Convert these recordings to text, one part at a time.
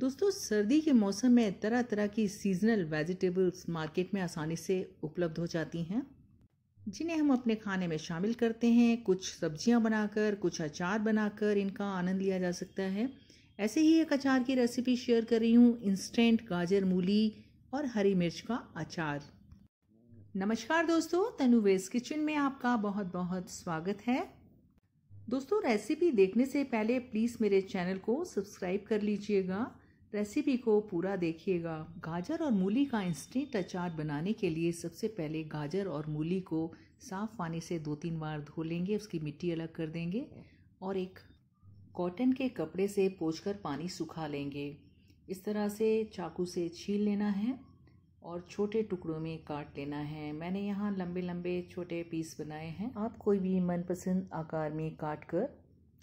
दोस्तों सर्दी के मौसम में तरह तरह की सीजनल वेजिटेबल्स मार्केट में आसानी से उपलब्ध हो जाती हैं जिन्हें हम अपने खाने में शामिल करते हैं कुछ सब्जियां बनाकर कुछ अचार बनाकर इनका आनंद लिया जा सकता है ऐसे ही एक अचार की रेसिपी शेयर कर रही हूँ इंस्टेंट गाजर मूली और हरी मिर्च का अचार नमस्कार दोस्तों तनुवेज किचन में आपका बहुत बहुत स्वागत है दोस्तों रेसिपी देखने से पहले प्लीज़ मेरे चैनल को सब्सक्राइब कर लीजिएगा रेसिपी को पूरा देखिएगा गाजर और मूली का इंस्टेंट अचार बनाने के लिए सबसे पहले गाजर और मूली को साफ़ पानी से दो तीन बार धो लेंगे उसकी मिट्टी अलग कर देंगे और एक कॉटन के कपड़े से पोछ पानी सुखा लेंगे इस तरह से चाकू से छील लेना है और छोटे टुकड़ों में काट लेना है मैंने यहाँ लंबे लंबे छोटे पीस बनाए हैं आप कोई भी मनपसंद आकार में काट कर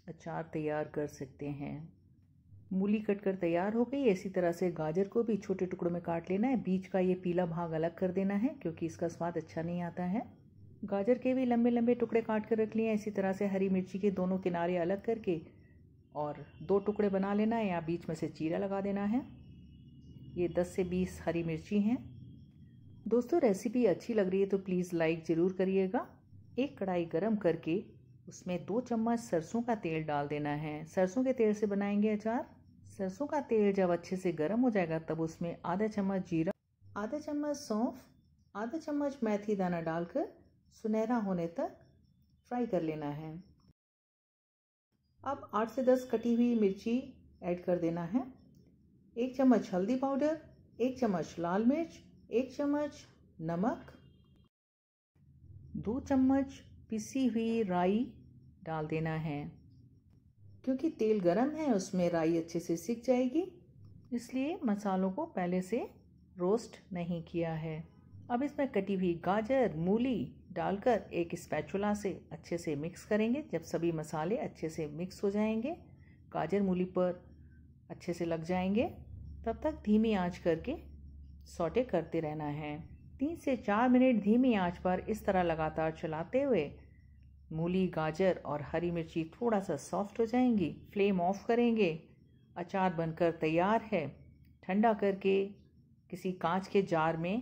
अचार तैयार कर सकते हैं मूली कट कर तैयार हो गई इसी तरह से गाजर को भी छोटे टुकड़ों में काट लेना है बीज का ये पीला भाग अलग कर देना है क्योंकि इसका स्वाद अच्छा नहीं आता है गाजर के भी लंबे लंबे टुकड़े काट कर रख लिए हैं इसी तरह से हरी मिर्ची के दोनों किनारे अलग करके और दो टुकड़े बना लेना है या बीच में से चीरा लगा देना है ये दस से बीस हरी मिर्ची हैं दोस्तों रेसिपी अच्छी लग रही है तो प्लीज़ लाइक ज़रूर करिएगा एक कढ़ाई गरम करके उसमें दो चम्मच सरसों का तेल डाल देना है सरसों के तेल से बनाएंगे अचार सरसों का तेल जब अच्छे से गर्म हो जाएगा तब उसमें आधा चम्मच जीरा आधा चम्मच सौंफ आधा चम्मच मेथी दाना डालकर सुनहरा होने तक फ्राई कर लेना है अब आठ से दस कटी हुई मिर्ची ऐड कर देना है एक चम्मच हल्दी पाउडर एक चम्मच लाल मिर्च एक चम्मच नमक दो चम्मच पिसी हुई राई डाल देना है क्योंकि तेल गर्म है उसमें राई अच्छे से सिक जाएगी इसलिए मसालों को पहले से रोस्ट नहीं किया है अब इसमें कटी हुई गाजर मूली डालकर एक स्पैचुला से अच्छे से मिक्स करेंगे जब सभी मसाले अच्छे से मिक्स हो जाएंगे गाजर मूली पर अच्छे से लग जाएंगे तब तक धीमी आंच करके सोटे करते रहना है तीन से चार मिनट धीमी आंच पर इस तरह लगातार चलाते हुए मूली गाजर और हरी मिर्ची थोड़ा सा सॉफ्ट हो जाएंगी फ्लेम ऑफ करेंगे अचार बनकर तैयार है ठंडा करके किसी कांच के जार में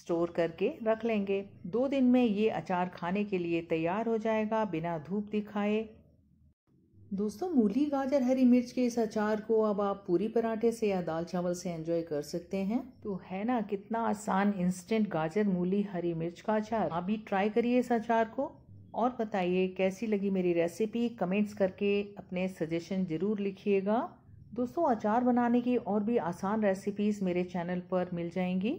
स्टोर करके रख लेंगे दो दिन में ये अचार खाने के लिए तैयार हो जाएगा बिना धूप दिखाए दोस्तों मूली गाजर हरी मिर्च के इस अचार को अब आप पूरी पराठे से या दाल चावल से एंजॉय कर सकते हैं तो है ना कितना आसान इंस्टेंट गाजर मूली हरी मिर्च का अचार आप भी ट्राई करिए इस अचार को और बताइए कैसी लगी मेरी रेसिपी कमेंट्स करके अपने सजेशन ज़रूर लिखिएगा दोस्तों अचार बनाने की और भी आसान रेसिपीज़ मेरे चैनल पर मिल जाएंगी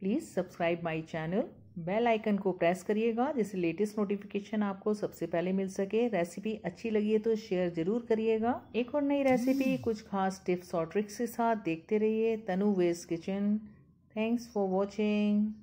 please subscribe my channel bell icon को प्रेस करिएगा जिससे लेटेस्ट नोटिफिकेशन आपको सबसे पहले मिल सके रेसिपी अच्छी लगी है तो शेयर ज़रूर करिएगा एक और नई रेसिपी हम्म। कुछ खास टिप्स और ट्रिक्स के साथ देखते रहिए Tanu west kitchen thanks for watching